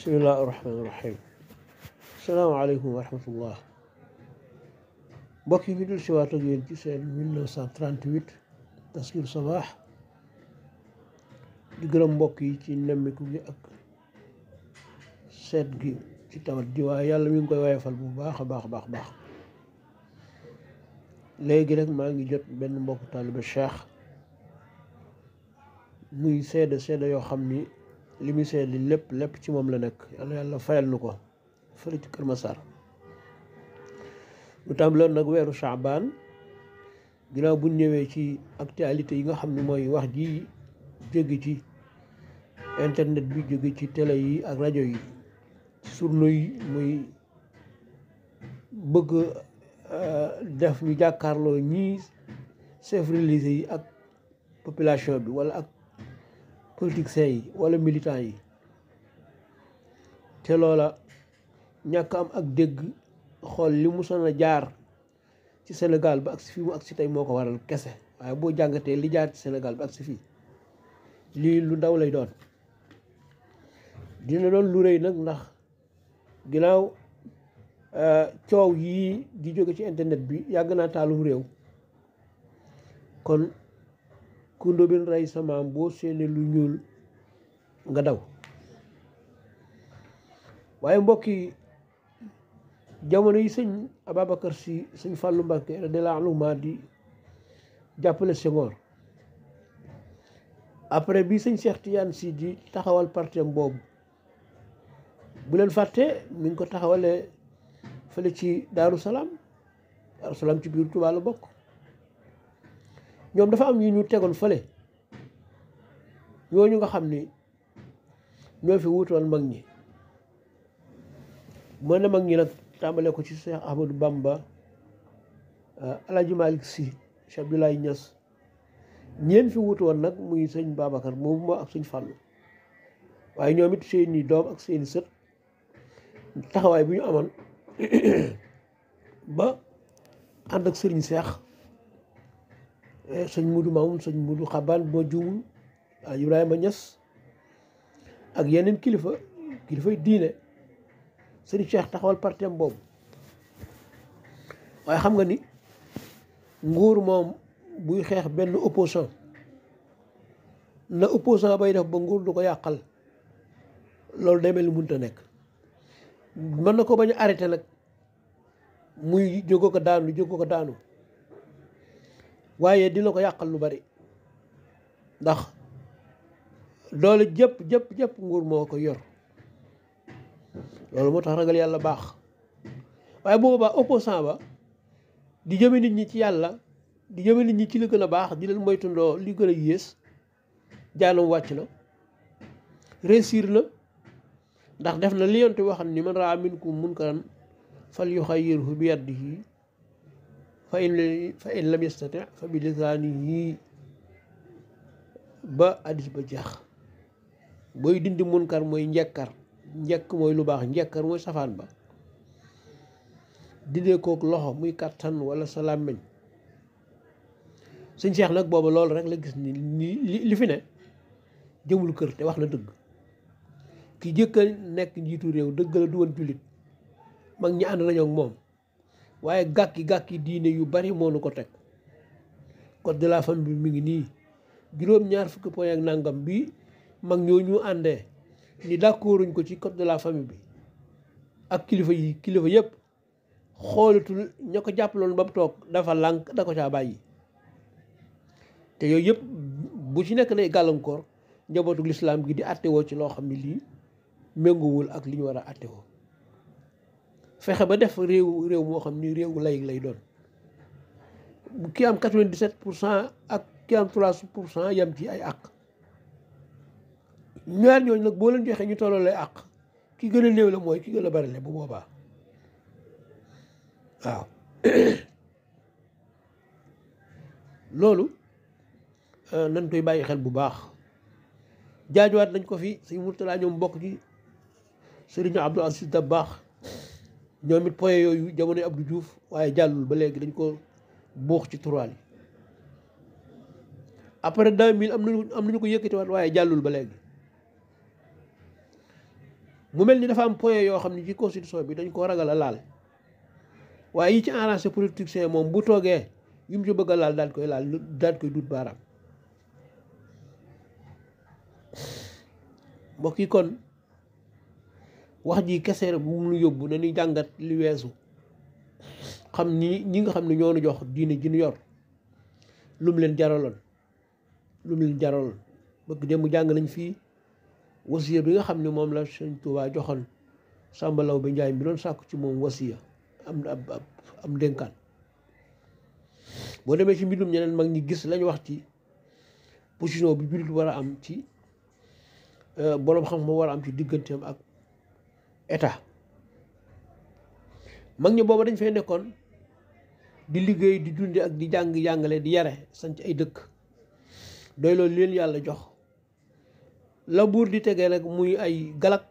bismillaahi rahmaani rahiim salaamaaleykum wa rahmatullah mbokk yi ñu dul si waat ak yéen ci seen 1938 Taskiru Sabaax di gërëm mbokk yi ci nemmiku gi ak seet gi ci tawat ji waaye yàlla mi ngi koy wayefal bu baax a baax baax baax léegi rek maa ngi jot benn mbokk taaliba Cheikh muy seede seede yoo xam ni li muy seet li lépp lépp ci moom la nekk yàlla yàlla fayal nu ko fële ci Kër Masar lu tàmbaloon nag weeru Chaabaan ginnaaw bu ñëwee ci actualité yi nga xam ne mooy wax ji jóge ci internet bi jóge ci télé yi ak rajo yi surno yi muy bëgg euh, def ñu jàkkaarloo ñii chef religieux yi ak population bi wala ak politiciens yi wala militants yi te loola ñàkk am ak dégg xool li mu soon a jaar ci Sénégal ba ak si fii mu ak si tey moo ko waral kese waaye boo jàngatee li jaar ci Sénégal ba ak si fii lii lu ndaw lay doon dina doon lu rëy nag ndax ginnaaw euh, coow yi di jóge ci internet bi yàgg naa taalum réew kon ku ndóobeen rey sa maam boo séenee lu ñuul nga daw waaye mbokk yi jamono yi sëñ Ababacar si sëñ Fàllu Mbàkke radiyallaahu anhu ma di jàppale Senghor après bi sëñ Cheikh Tidiane si di taxawal parti am boobu bu leen fàtte mi ngi ko taxawalee fële ci Daaru Salaam Daaru ci biir Tuubaa bokk ñoom dafa am yu ñu tegoon fale fële ñu nga xam ni ñoo fi wuutoon mag ñi mën na mag ñi nag tàmbale ko ci Cheikh Ahmadou Bamba euh, Alaaji Malick Sy Cheikh Abdoulaye Niass ñeen fi wuutoon nag muy sëñ Babacar moomu moo ak sëñ Fàllu waaye ñoomit it seeni doom ak seeni sët taxawaay bi ñu amoon ba ànd ak sëriñ Seex Eh, sëñ Mudu Mamoun sëñ Mudu Xabaan bu ma juumul ah, Ibrahima Niass ak yeneen kilifa kilifay diine sëñ Cheikh taxawal partem boobu waaye xam nga ni nguur moom buy xeex benn opposant na opposant bay def ba nguur du ko yàqal loolu day mel ni mënut nekk mën na ko bañ a arrêté nag muy jóge ko daanu jóge ko daanu waaye dina ko yàqal lu bari ndax doole jëpp jëpp jëpp nguur moo ko yor loolu moo tax ragal yàlla baax waaye boobaa opposant ba di jëme nit ñi ci yàlla di jëme nit ñi ci li gën a baax di leen moytundoo li gën a yées jaanam wàcc na réussir na ndax def na li yonte waxam ni man raa minkum munkaran fal yuxayyirhu bi yadihi fa in fa in lam yastati fa bi lisaanihi ba addis ba jeex booy dindi munkar mooy njekkar njekk mooy lu baax njëkkar mooy safaan ba dindee kook loxo muy kàttan wala sa làmmeñ suñ seex nag booba loolu rek la gis ni li fi ne jëmul kër te wax na dëgg ki jëkka nekk njiitu réew dëgg la du woon jullit mag ñi ànd nañoo moom waaye gàkki gàkki diine yu bari moo nu ko teg code de bi mi ngi nii juróom-ñaar fukki point ak nangam bi mag ñoo ñu àndee ni d'accorduñ ko ci code de la famille bi ak kilifa yi kilifa yépp xoolatul ña ko jàppaloon ba mu toog dafa lànk da ko caa bàyyi te yooyu yëpp bu ci nekk day gàllankoor njabootu lislaam gi di àttewoo ci loo xam ne lii méngoowul ak li ñu war a àttewoo fexe ba def réew réew moo xam ni réew laïc lay doon ki am 97 pour cent ak ki am 3 pour cent yam ci ay àq ñaar ñooñu nag boo leen joxee ñu tolloo lay àq ki gën a néew la mooy ki gën a bari la bu boobaa waaw loolu euh, nañ koy bàyyi xel bu baax jaajuwaat nañ ko fi sëñ Murtala ñoom bokk ci sëriñ Abdou Aziz Dabakh ñoom it point yooyu jamono jamonoy Abdou juuf waaye jàllul ba léegi dañ ko buux ci turaal yi après 2000 am nañu am nañu ko yëkkatiwaat waaye jàllul ba léegi mu mel ni dafa am point yoo xam ne ci constitution bi dañ koo ragal a laal waaye yi ci arrangé politicien moom bu toogee yu mu ci bëgg a laal daal koy laal daal koy dut baaraam mbokk yi kon wax ji kese rek mu yóbbu na ni jàngat li weesu xam ni ñi nga xam ne ñoo nu jox diine ji nu yor lu mu leen jaraloon lu mu leen jaraloon bëgg dem jàng lañ fii wasiya bi nga xam ne moom la sëñ Tuubaa joxoon Sàmba Law ba Njaay bi doon sàkku ci moom wasiya am ab am ndénkaan boo demee ci mbindum ñeneen mag ñi gis lañ wax ci position bi jullit war a am ci euh, boroom xam ma war a am ci digganteem ak état mag ñi booba dañ fay nekkoon di liggéey di dunde ak di jàng jàngale di yare sanc ay dëkk doy loolu leen yàlla jox la buur di tegee rek muy ay galak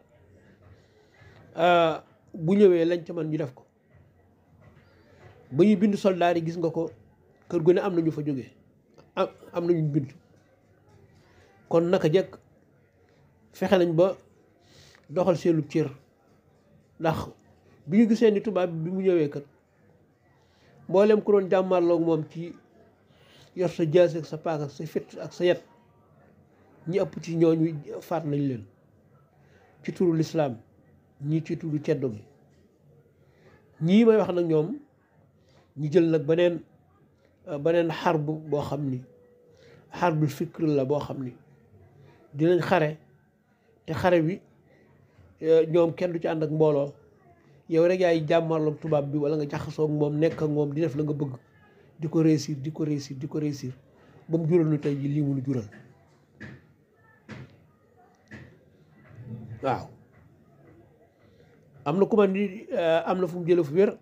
ah, bu ñëwee lañ ca man ñu def ko ba ñuy bind soldaar yi gis nga ko kër gu ne am nañu fa jóge am nañu bind kon naka jëkk fexe nañ ba doxal seenu cër ndax bi ñu gisee ni tubaab bi mu ñëwee kat mboolem ku doon jàmmarloog moom ci yor sa jaas ak sa paak sa fit ak sa yet ñi ëpp ci ñooñu faat nañ leen ci turu lislaam ñii ci turu ceddo gi ñii may wax nag ñoom ñi jël nag beneen beneen xarb boo xam ni xarbul fikr la boo xam ni dinañ xare te xare bi Eh, ñoom kenn du ci ànd ak mbooloo yow rek yaay jàmmarloog tubaab bi wala nga jaxasoo ak moom nekk moom di def la nga bëgg di ko réussir di ko réussir di ko réussir ba mu jural nu tey ji lii mu nu jural waaw am na ku ma eh, am na fu mu jëlee fu wér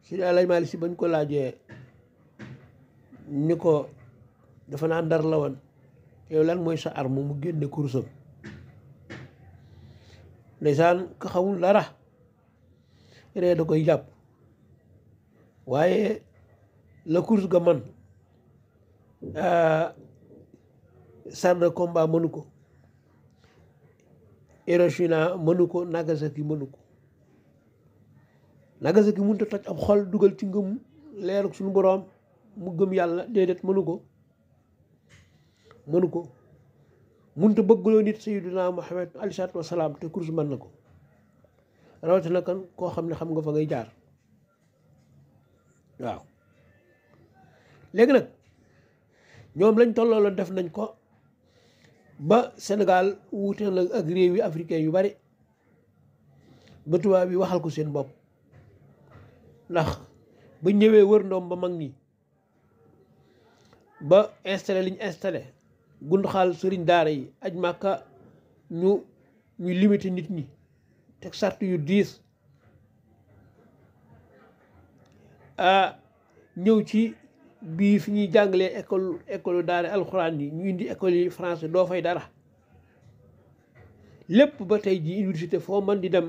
si lay maali si bañ ko laajee ñu ko dafa naa ndar la woon yow lan mooy sa arme mu génne kurusam ndeysaan ka xamul dara ree da koy jàpp waaye la course ga man sarde euh, combat mënu ko Hiroshima mënu ko ki mënu ko Nagasaki mënut a toj ab xol dugal ci ngëm leeruk suñu boroom mu gëm yàlla déedéet mënu ko mënu ko mënut a bëggloo nit sayyiduna Muhammad alayhi salaatu wa salaam te kurus man na ko rawatina kan koo xam ne xam nga fa ngay jaar waaw léegi nag ñoom lañ tolloo la def nañ ko ba Sénégal wuute na ak réew yi africain yu bari ba tubaab yi waxal ko seen bopp ndax ba ñëwee wër ndoom ba mag ñi ba installé liñ installé gunduxaal sëriñ daara yi aj màkka ñu ñuy limite nit ñi teg sart yu diis ñëw ci bii fi ñuy jàngalee école école daara alxuraan yi ñu indi école yi français doo fay dara lépp ba tey ji université foo man di dem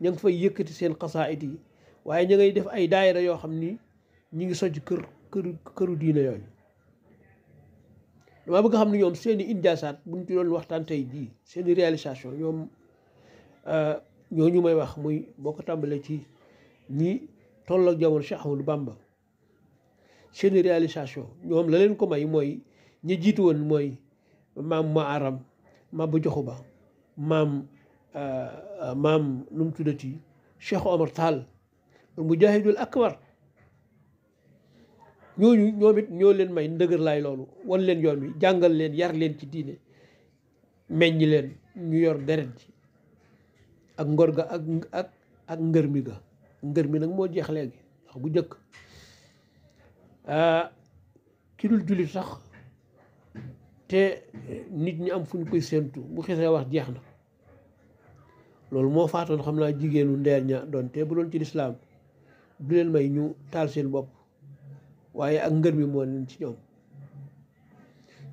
ña ngi fay yëkkati seen xasaayit yi waaye ña def ay daayira yoo xam ni ñi ngi soj kër këru këru diina yooyu damaa bëgg xam ne ñoom seen i bu buñ ci doon waxtaan tey jii seen réalisation ñoom euh, ñooñu may wax muy bokk ko tàmbalee ci ñi toll ak jamono Cheikh Ahmadou réalisation ñoom la leen ko may mooy ñi jiitu mooy maam ma aram maam ba joxu ba maam euh, maam nu mu tuddati Cheikh Omar Tall mujahidul akbar ñooñu ñoom it ñoo leen may ndëgër laay loolu wan leen yoon wi jàngal leen yar leen ci diine meññ leen ñu yor deret ji ak ngor ga ak ak ak ngër mi ga ngër mi nag moo jeex léegi ndax bu njëkk ah, ki dul jullit sax te nit ñu am fu ñu koy séentu bu xesee wax jeex na loolu moo faatoon xam naa jigéenu ndeer ña doon te bu doon ci lislaam du leen may ñu taal seen bopp waaye ak ngër mi moo leen ci ñoom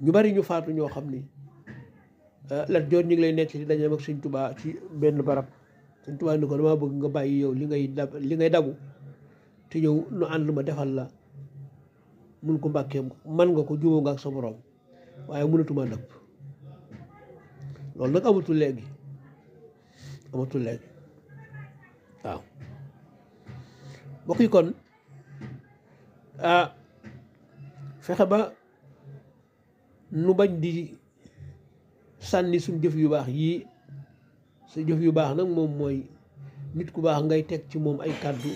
ñu bari ñu faatu ñoo xam ni ah, Lat Joor ñu ngi lay nekk dañ dañam ak Sëñ benn barab Sëñ ko damaa bëgg nga bàyyi yow li ngay dab li ngay dabu ñëw nu ànd ma la mun ko mbàkkee man nga ko jubóo nga ak waaye mënatuma dëpp loolu nag amatul léegi amatul léegi waaw mbokk kon Ah, fexe ba nu bañ di sànni suñ jëf yu baax yii sa jëf yu baax nag moom mooy nit ku baax ngay teg ci moom ay kàddu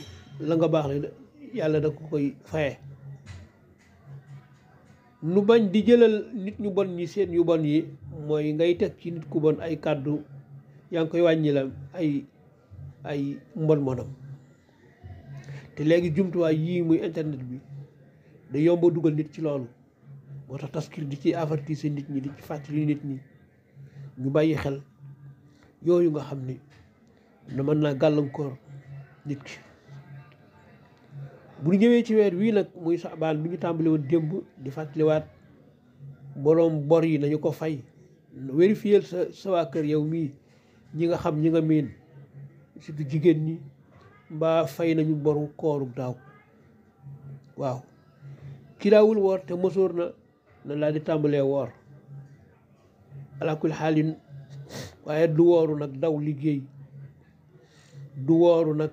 la nga baax le yàlla da ko koy faye nu bañ di jëlal nit ñu bon ñi seen yu bon yi mooy ngay teg ci nit ku bon ay kàddu yaa ngi koy wàññi la ay ay mbon mbonam te léegi jumtuwaay yii muy internet bi da yomb dugal nit ci loolu moo tax taskir di ci avertir nit ñi di fàttali nit ñi ñu bàyyi xel yooyu nga xam ni na mën naa gàllankoor nit ki bu ñu ñëwee ci weer wii nag muy sabaan bi ñu tàmbali woon démb di fàttaliwaat boroom bor yi nañu ko fay vérifier sa sa waa kër yow mii ñi nga xam ñi nga miin surtout jigéen ñi mbaa fay nañu boru kooru daaw waaw ki daawul woor te mësoor na na laa di tàmbalee woor alaakul xaalin waaye du wooru nag daw liggéey du wooru nag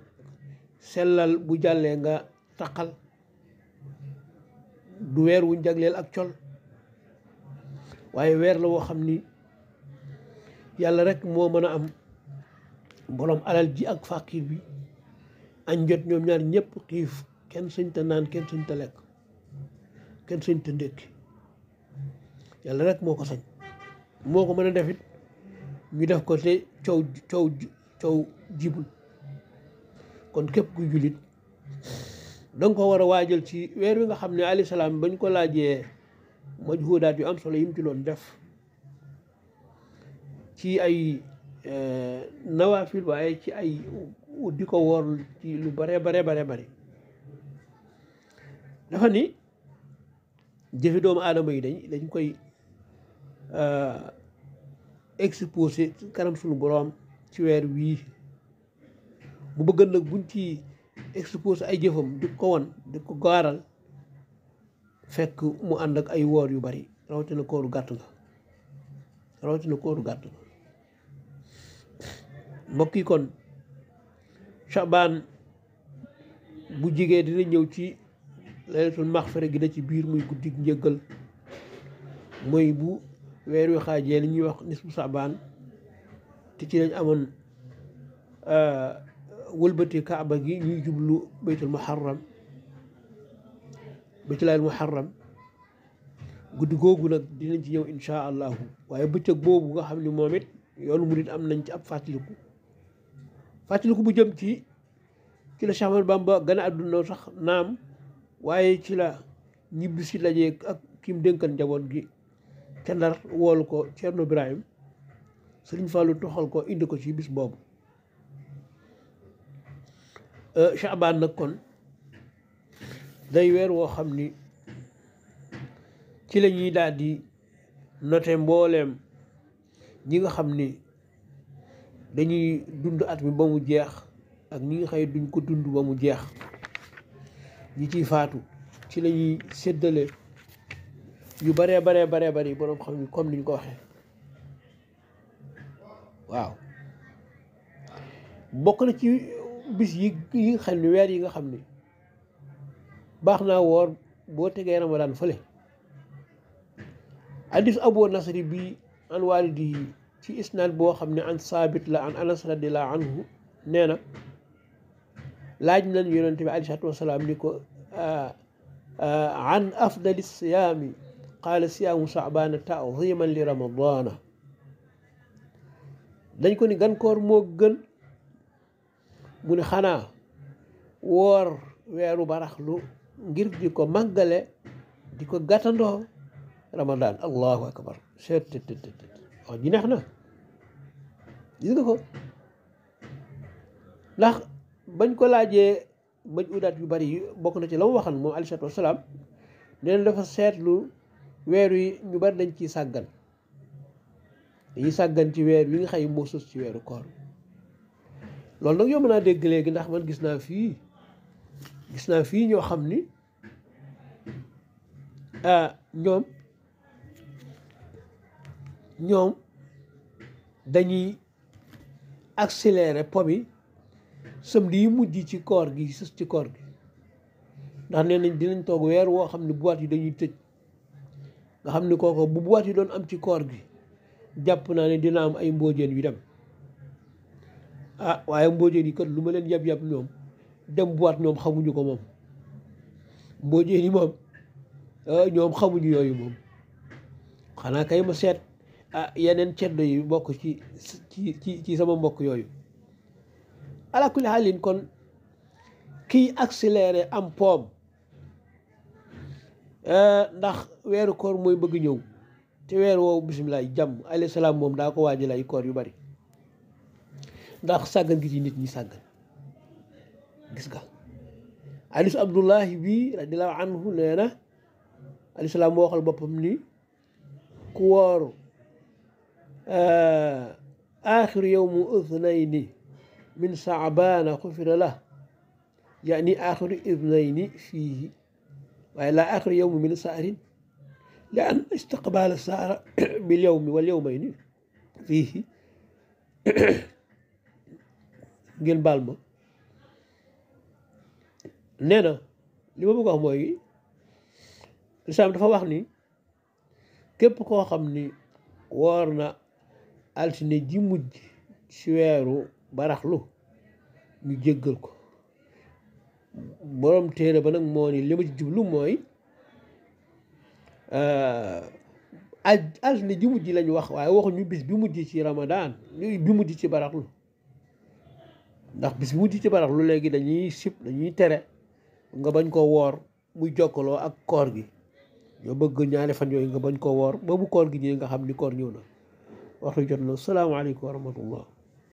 sellal bu jàllee nga taqal du weer wu jagleel ak col waaye weer la woo xam ni yàlla rek moo mën a am boroom alal ji ak fàqiir bi añ jot ñoom ñaar ñëpp xiif kenn sañ naan kenn sañ ta lekk kenn sañ te yàlla rek moo ko sañ moo ko mën a def ñu def ko te coow coow jibul kon képp ku jullit danga ko war a waajal ci weer wi nga xam ne alayhi salaam bañ ko laajee majhudaat yu am solo yim ci doon def ci ay eh, nawaafil waaye ci ay di ko woor ci lu bare bare bare bare dafa ni jëfi doomu aadama yi dañ dañ koy euh, exposé kanam suñu boroom ci weer wii bu bëgg nag buñ ci exposé ay jëfam di ko won di ko gaaral fekk mu ànd ak ay woor yu bari rawatina kooru gàtt nga rawatina kooru gàtt nga mbokk yi kon Shaban bu jigee dina ñëw ci laylatul maxfira gi da ci biir muy guddi njëggal muy bu weer wi xaajee li ñuy wax nisfu saabaan te ci lañ amoon euh, walbati kaaba gi ñuy jublu baytul muharram baytulaayil muharram guddi googu nag dinañ ci ñëw insha allahu waaye bëccëg boobu nga xam ni moom it yoonu murit am nañ ci ab fàttaliku fàttaliku bu jëm ci ci la Cheikh Ahmadou Bamba gën a sax naam waaye ci la ñibbisi la lajee ak kim dénkal njaboot gi ca ndar woolu ko Cerno Birahim Sëriñ Fàllu toxal ko indi ko ci bis boobu euh, Chaabaan nag kon day weer woo xam ni ci la ñuy daal di note mbooleem ñi nga xam ni dañuy dund at mi ba mu jeex ak ñi nga xëy duñ ko dund ba mu jeex ñi ciy faatu ci la ñuy séddale yu baree baree baree bari boroom xam ni comme niñ ko waxee waaw bokk na ci bis yi yi nga xam ne weer yi nga xam ni baax naa woor boo tegee ramadaan fële hadis abu nasri bi an waalidi ci isnaad boo xam ne an saabit la an anas radiallahu anhu nee na laaj nañ yonente bi alayhi salaatu wasalaam ni ko ah, ah, an afdali siyaami qaala siyaamu saabaana taadiman li ramadaana dañ ko ni gan koor moo gën mu ni xanaa woor weeru baraxlu ngir di ko màggale di ko gàttandoo ramadaan allahu akbar seet tët tët wax ji neex na gis nga ko ndax bañ ko laajee maj udaat yu bari yi bokk na ci la mu waxan moom aleyhi salaatu wasalaam nee dafa seetlu weer yi ñu bari dañ ci sàggan dañuy sàggan ci weer wi nga xam ne moo loolu nag yomb naa dégg léegi ndax man gis naa fii gis naa fii ñoo xam ni ñoom ñoom dañuy accélérer po bi samedi yi mujj ci koor gi sës ci koor gi ndax nee nañ dinañ toog weer woo xam ne boîte yi dañuy tëj nga xam ne kooko bu boîte yi doon am ci koor gi jàpp naa ne dina am ay mboojeen yu dem ah waaye mboojeen yi kat lu ma leen yab-yab ñoom dem boîte ñoom xamuñu ko moom mboojeen yi moom ah, ñoom xamuñu yooyu moom xanaa kay ma seet ah yeneen ceddo yi bokk ci ci ci sama mbokk yooyu ala kulli xaalin kon kiy accéléré am poom eh, ndax weeru koor mooy bëgg ñëw te weer woowu bisimilah jàmm alayhi salaam moom daa ko waajal ay koor yu bari ndax sàggan gi ci nit ñi sàggan gis nga alisu abdullahi bi radiallahu anhu nee na alayhi salaam moo waxal boppam ni ku wooru eh, aaxiru yow mu uthnayni min saabaana xufira la yaani axiru ibnayni fiihi waaye laa axiru yowmi min saarin li an istiqbaala saara bil yowmi wal yowmayni fiihi ngeen baal ma nee na li ma bëgg wax mooy lislaam dafa wax ni képp koo xam ni woor na altine ji mujj ci weeru baraxlu ñu jéggal ko boroom téere ba nag moo ni li ma ci jublu mooy euh, al altine ji mujj lañ wax waaye waxuñu bis bi mujj ci ramadaan bi mujj ci baraxlu ndax bis bi mujj ci baraxlu léegi dañuy sib dañuy tere nga bañ ko woor muy jokkaloo ak koor gi ñoo bëgg ñaari fan yooyu nga bañ ko woor ba bu koor gi ñëwee nga xam ni koor ñëw na waxtu jot na salaamaaleykum wa rahmatullah